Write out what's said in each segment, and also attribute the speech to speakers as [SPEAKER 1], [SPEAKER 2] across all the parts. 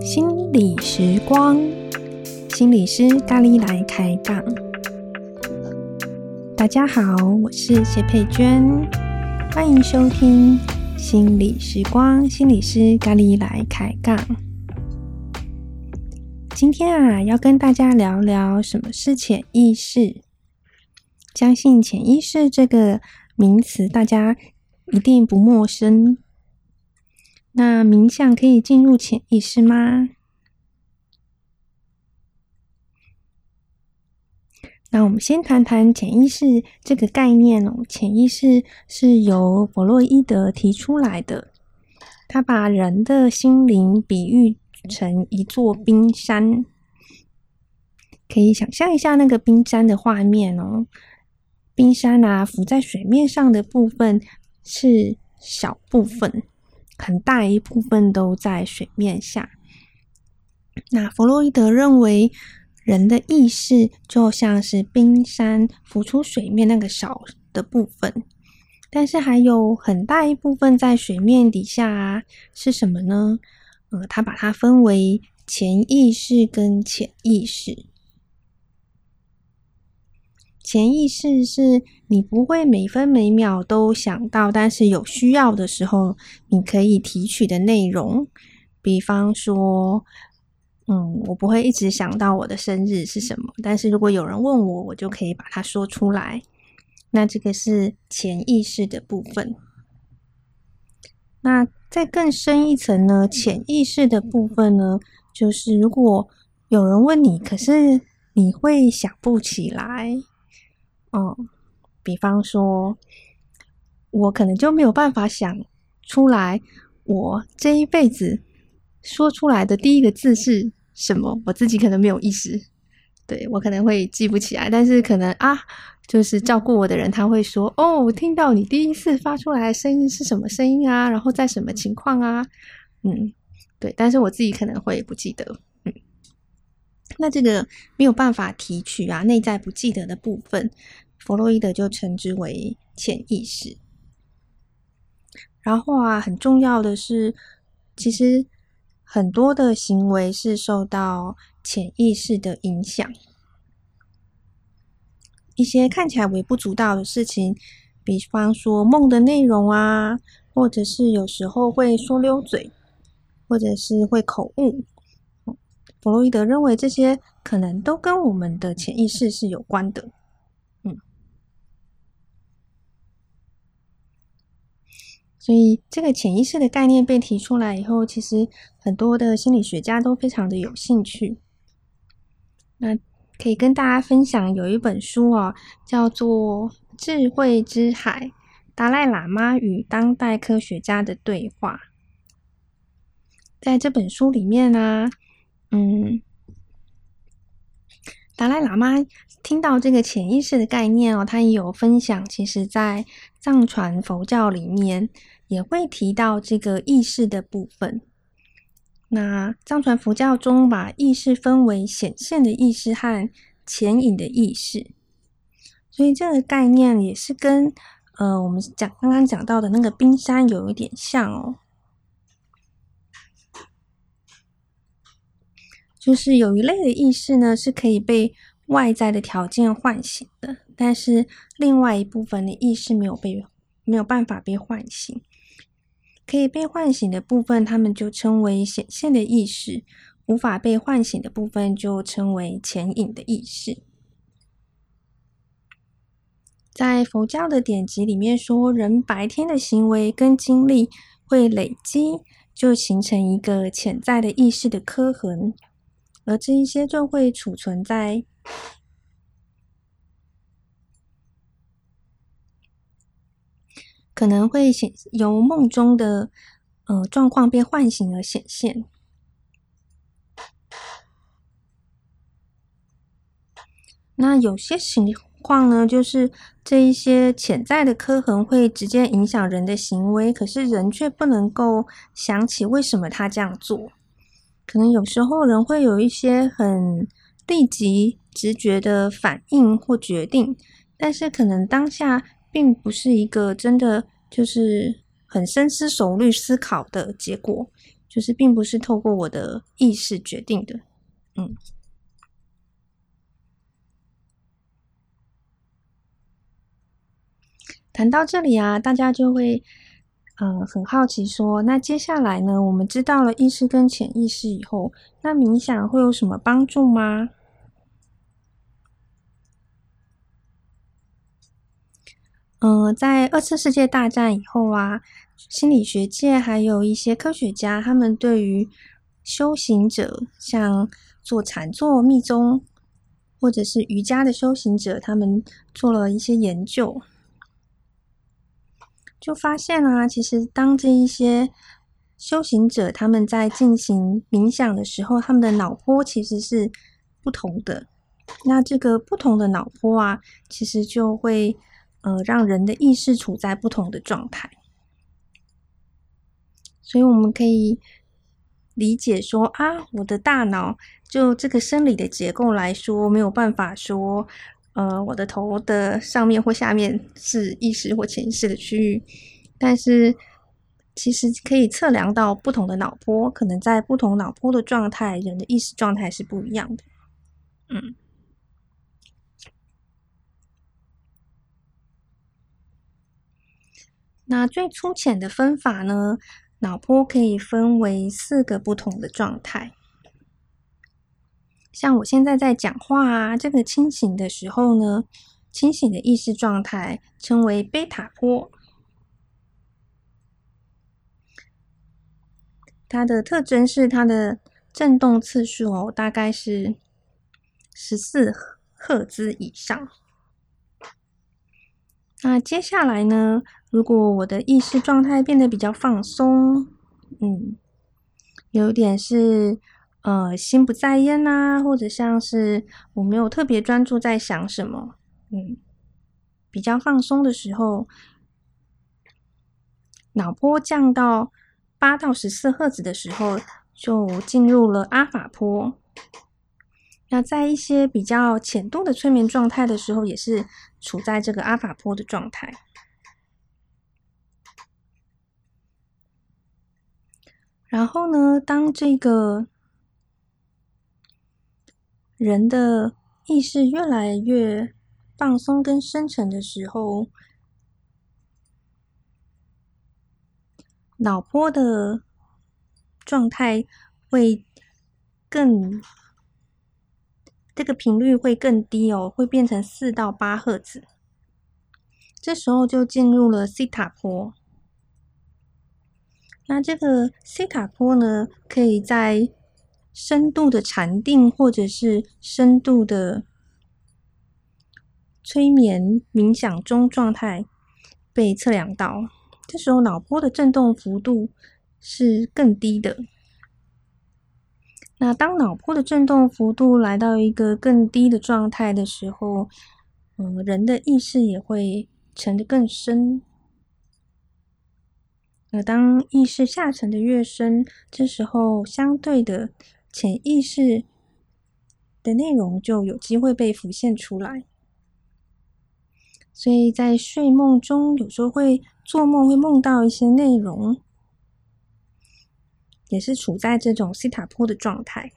[SPEAKER 1] 心理時光，心理師咖喱來開槓。大家好，我是謝佩娟，歡迎收聽心理時光，心理師咖喱來開槓。今天啊，要跟大家聊聊什麼是潛意識。相信潛意識這個名詞，大家一定不陌生。那冥想可以進入潛意識嗎？那我們先談談潛意識這個概念喔。潛意識是由弗洛伊德提出來的，他把人的心靈比喻成一座冰山，可以想象一下那個冰山的畫面哦、喔。冰山啊，浮在水面上的部分是小部分，很大一部分都在水面下。那弗洛伊德認為，人的意識就像是冰山浮出水面那個小的部分，但是還有很大一部分在水面底下啊，是什麼呢？呃，他把它分為前意識跟潛意識。潛意識是你不會每分每秒都想到，但是有需要的時候，你可以提取的內容。比方說，嗯，我不會一直想到我的生日是什麼，但是如果有人問我，我就可以把它說出來。那這個是潛意識的部分。那再更深一層呢？潛意識的部分呢，就是如果有人問你，可是你會想不起來。哦、嗯，比方說，我可能就沒有辦法想出來，我這一輩子說出來的第一個字是什麼？我自己可能沒有意識，對，我可能會記不起來。但是可能啊，就是照顧我的人，他會說：“哦，我聽到你第一次發出來的聲音是什麼聲音啊？然後在什麼情況啊？”嗯，對。但是我自己可能會不記得。嗯，那這個沒有辦法提取啊，內在不記得的部分。弗洛伊德就稱之為潛意識。然後啊，很重要的是，其實很多的行為是受到潛意識的影響。一些看起來微不足道的事情，比方說夢的內容啊，或者是有時候會說溜嘴，或者是會口誤。弗洛伊德認為，這些可能都跟我們的潛意識是有關的。所以，這個潛意識的概念被提出來以後，其實很多的心理學家都非常的有興趣。那可以跟大家分享，有一本書哦、啊，叫做《智慧之海：達賴喇嘛與當代科學家的對話》。在這本書裡面呢、啊，嗯。達賴喇嘛聽到這個潛意識的概念哦，他也有分享。其實，在藏傳佛教裡面也會提到這個意識的部分。那藏傳佛教中把意識分為顯現的意識和潛隱的意識，所以這個概念也是跟呃我們講剛剛講到的那個冰山有一點像哦。就是有一類的意識呢，是可以被外在的條件喚醒的，但是另外一部分的意識沒有被，沒有辦法被喚醒。可以被喚醒的部分，他們就稱為顯現的意識；無法被喚醒的部分，就稱為潛隱的意識。在佛教的典籍裡面說，人白天的行為跟經歷會累積，就形成一個潛在的意識的刻痕。而這一些就會儲存在，可能會顯由夢中的呃狀況被喚醒而顯現。那有些情況呢，就是這一些潛在的刻痕會直接影響人的行為，可是人卻不能夠想起為什麼他這樣做。可能有時候人會有一些很立即直覺的反應、或決定，但是可能當下並不是一個真的就是很深思熟慮思考的結果，就是並不是透過我的意識決定的。嗯，談到這裡啊，大家就會。嗯，很好奇說，說那接下來呢？我們知道了意識跟潛意識以後，那冥想會有什麼幫助嗎？嗯，在二次世界大戰以後啊，心理學界還有一些科學家，他們對於修行者，像做禪坐、密宗或者是瑜伽的修行者，他們做了一些研究。就發現啊，其實當這一些修行者他們在進行冥想的時候，他們的腦波其實是不同的。那這個不同的腦波啊，其實就會呃讓人的意識處在不同的狀態。所以我們可以理解說啊，我的大腦就這個生理的結構來說，沒有辦法說。呃，我的頭的上面或下面是意識或潛意識的區域，但是其實可以測量到不同的腦波，可能在不同腦波的狀態，人的意識狀態是不一樣的。嗯，那最粗淺的分法呢，腦波可以分為四個不同的狀態。像我現在在講話啊，這個清醒的時候呢，清醒的意識狀態稱為貝塔波，它的特徵是它的振動次數哦，大概是十四赫茲以上。那接下來呢，如果我的意識狀態變得比較放鬆，嗯，有點是。呃，心不在焉吶、啊，或者像是我沒有特別專注在想什麼，嗯，比較放鬆的時候，腦波降到八到十四赫茲的時候，就進入了阿法波。那在一些比較淺度的催眠狀態的時候，也是處在這個阿法波的狀態。然後呢，當這個。人的意識越來越放鬆跟深沉的時候，腦波的狀態會更這個頻率會更低哦，會變成四到八赫茲。這時候就進入了西塔波。那這個西塔波呢，可以在。深度的禪定，或者是深度的催眠冥想中狀態被測量到，這時候腦波的震動幅度是更低的。那當腦波的震動幅度來到一個更低的狀態的時候，嗯，人的意識也會沉得更深。那當意識下沉的越深，這時候相對的。潛意識的內容就有機會被浮現出來，所以在睡夢中，有時候會做夢，會夢到一些內容，也是處在這種西塔波的狀態。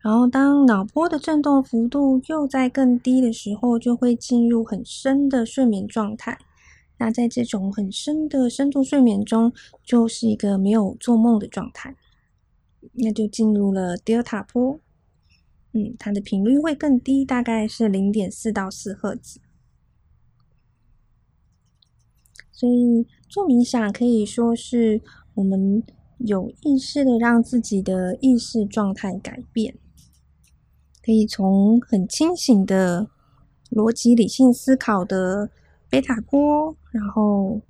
[SPEAKER 1] 然後，當腦波的振動幅度又在更低的時候，就會進入很深的睡眠狀態。那在這種很深的深度睡眠中，就是一個沒有做夢的狀態，那就進入了德爾塔波，嗯，它的頻率會更低，大概是零點四到四赫茲。所以做冥想可以說是我們有意識的讓自己的意識狀態改變，可以從很清醒的邏輯理性思考的。貝塔波，然後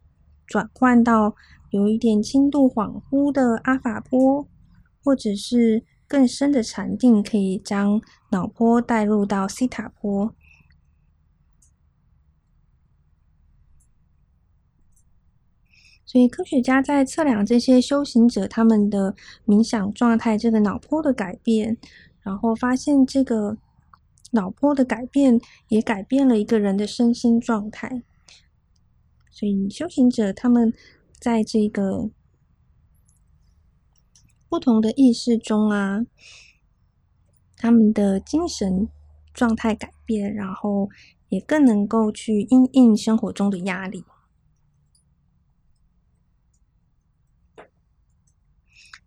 [SPEAKER 1] 轉換到有一點輕度恍惚的阿法波，或者是更深的禪定，可以將腦波帶入到西塔波。所以科學家在測量這些修行者他們的冥想狀態，這個腦波的改變，然後發現這個腦波的改變也改變了一個人的身心狀態。所以，修行者他們在這個不同的意識中啊，他們的精神狀態改變，然後也更能夠去因應生活中的壓力。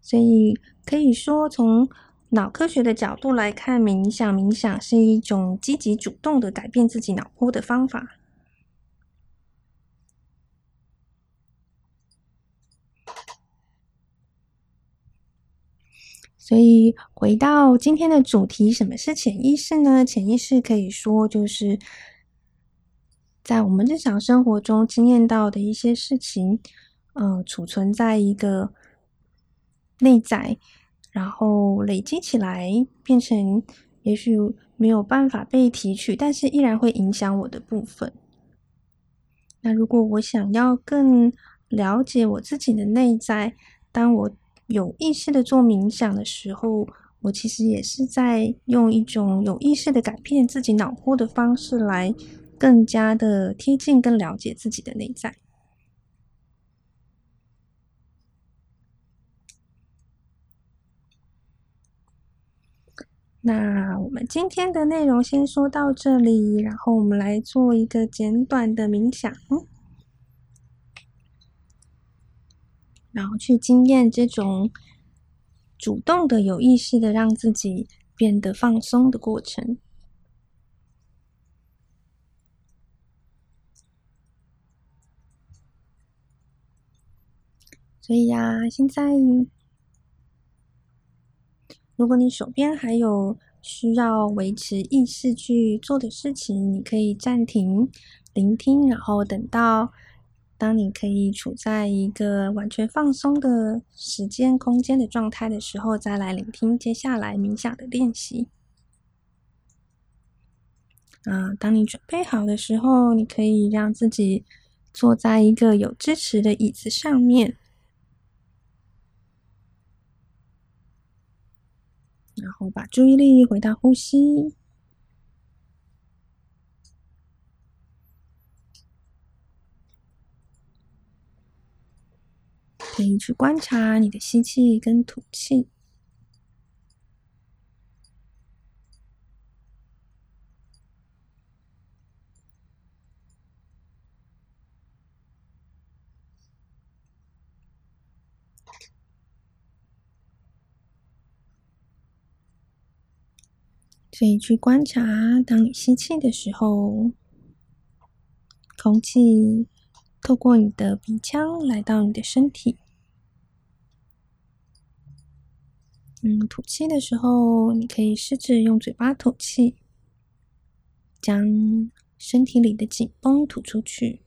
[SPEAKER 1] 所以可以說，從腦科學的角度來看，冥想，冥想是一種積極主動的改變自己腦波的方法。所以回到今天的主題，什麼是潛意識呢？潛意識可以說就是在我們日常生活中經驗到的一些事情，嗯、呃，儲存在一個內在，然後累積起來，變成也許沒有辦法被提取，但是依然會影響我的部分。那如果我想要更了解我自己的內在，當我有意識的做冥想的時候，我其實也是在用一種有意識的改變自己腦波的方式，來更加的貼近跟了解自己的內在。那我們今天的內容先說到這裡，然後我們來做一個簡短的冥想。然後去經驗這種主動的、有意識的讓自己變得放鬆的過程。所以呀，現在如果你手邊還有需要維持意識去做的事情，你可以暫停聆聽，然後等到，當你可以處在一個完全放鬆的時間、空間的狀態的時候，再來聆聽接下來冥想的練習。啊，當你準備好的時候，你可以讓自己坐在一個有支持的椅子上面，然後把注意力回到呼吸。可以去觀察你的吸氣跟吐氣，可以去觀察，當你吸氣的時候，空氣透過你的鼻腔來到你的身體。嗯，吐氣的時候，你可以試着用嘴巴吐氣，將身體裡的緊繃吐出去。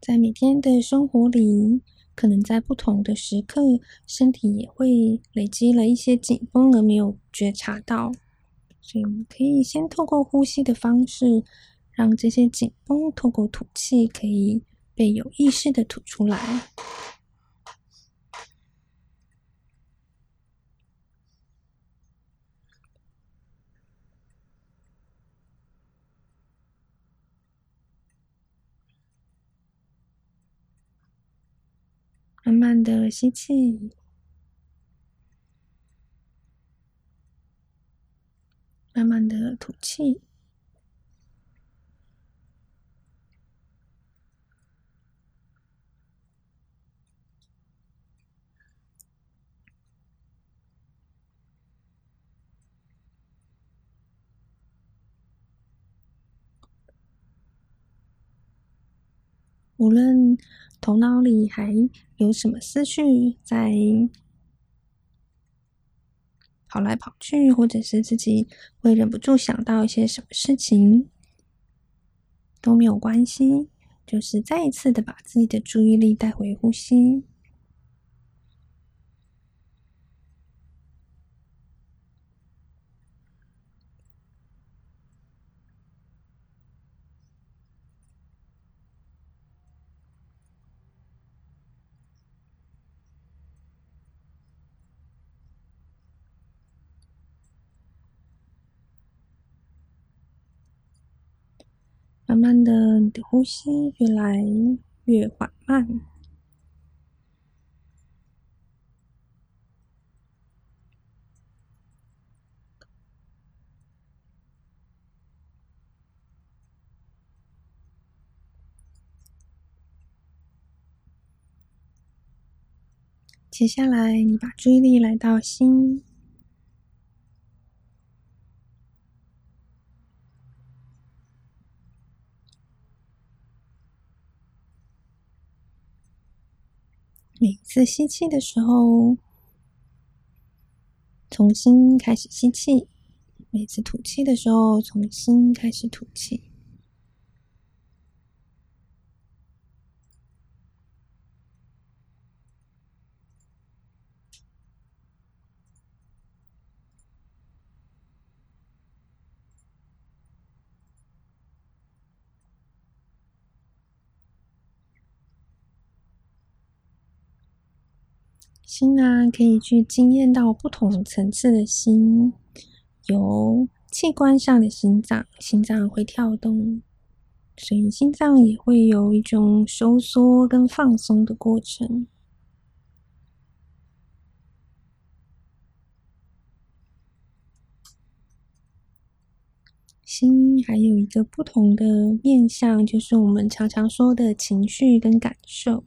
[SPEAKER 1] 在每天的生活裡。可能在不同的時刻，身體也會累積了一些緊繃而沒有覺察到，所以我們可以先透過呼吸的方式，讓這些緊繃透過吐氣可以被有意識的吐出來。慢慢的吸氣，慢慢的吐氣，無論頭腦裡還有什麼思緒在跑來跑去，或者是自己會忍不住想到一些什麼事情，都沒有關係，就是再一次的把自己的注意力帶回呼吸。慢慢的，你的呼吸越來越緩慢。接下來，你把注意力來到心。每次吸氣的時候，重新開始吸氣；每次吐氣的時候，重新開始吐氣。心呢、啊，可以去經驗到不同層次的心。由器官上的心臟，心臟會跳動，所以心臟也會有一種收縮跟放鬆的過程。心還有一個不同的面向，就是我們常常說的情緒跟感受。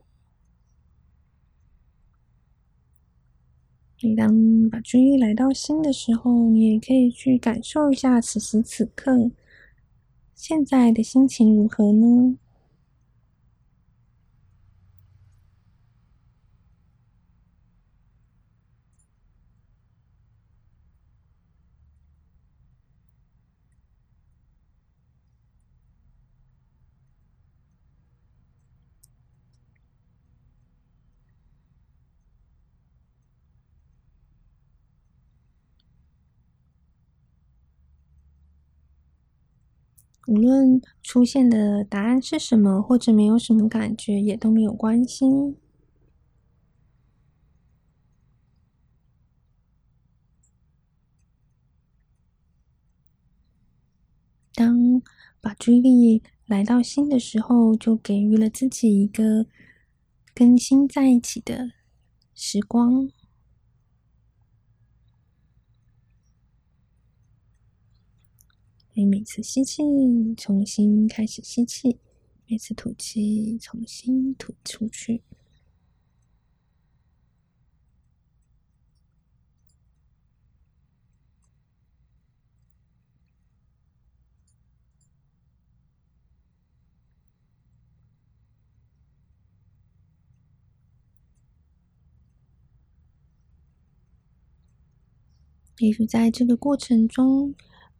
[SPEAKER 1] 每當把注意力來到心的時候，你也可以去感受一下此時此刻現在的心情如何呢？無論出現的答案是什麼，或者沒有什麼感覺，也都沒有關係。當把注意力來到心的時候，就給予了自己一個跟心在一起的時光。你每次吸氣，重新開始吸氣；每次吐氣，重新吐出去。也許在這個過程中，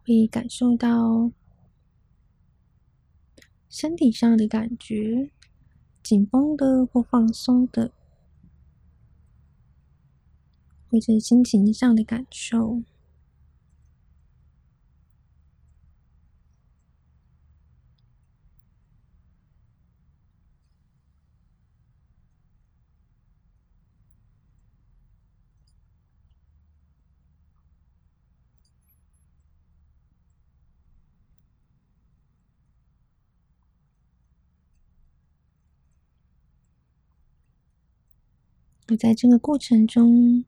[SPEAKER 1] 可以感受到身體上的感覺，緊繃的或放鬆的，或者心情上的感受。在這個過程中，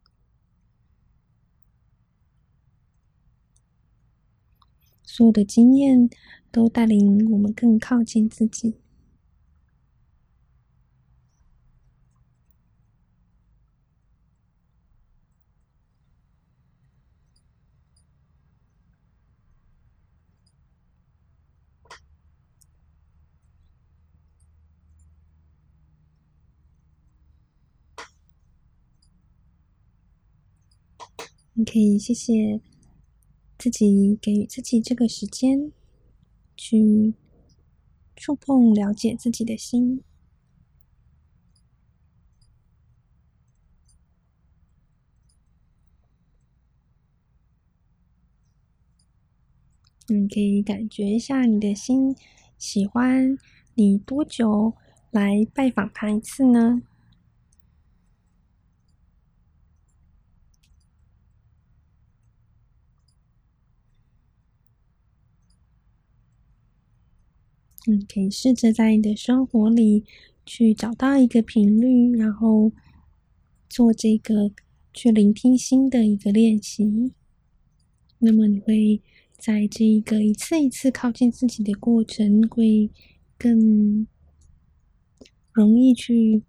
[SPEAKER 1] 所有的經驗都帶領我們更靠近自己。可以，謝謝自己給予自己這個時間，去觸碰、了解自己的心。你可以感覺一下你的心喜歡你多久，來拜訪他一次呢？嗯，你可以試着在你的生活裡去找到一個頻率，然後做這個去聆聽心的一個練習。那麼你會在這一個一次一次靠近自己的過程，會更容易去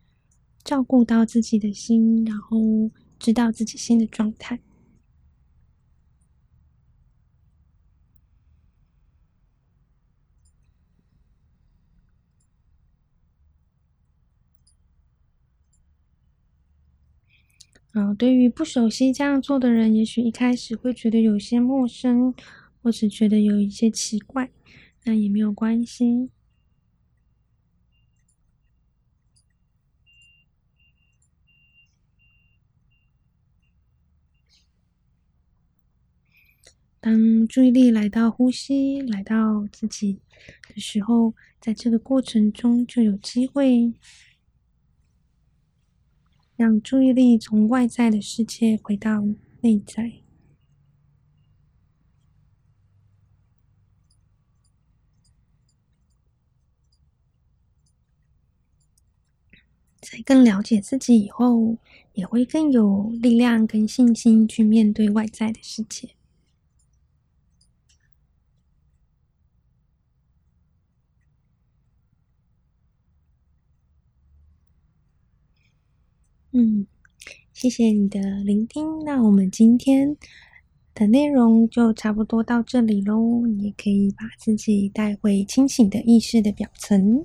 [SPEAKER 1] 照顧到自己的心，然後知道自己心的狀態。對於不熟悉這樣做的人，也許一開始會覺得有些陌生，或者覺得有一些奇怪，那也沒有關係。當注意力來到呼吸，來到自己的時候，在這個過程中就有機會。讓注意力從外在的世界回到內在，在更了解自己以後，也會更有力量跟信心去面對外在的世界。嗯，謝謝你的聆聽。那我們今天的內容就差不多到這裡嘍。你也可以把自己帶回清醒的意識的表層。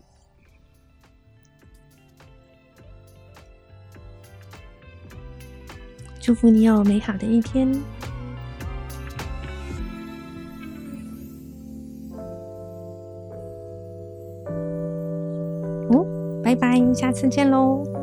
[SPEAKER 1] 祝福你有美好的一天。哦，拜拜，下次見嘍。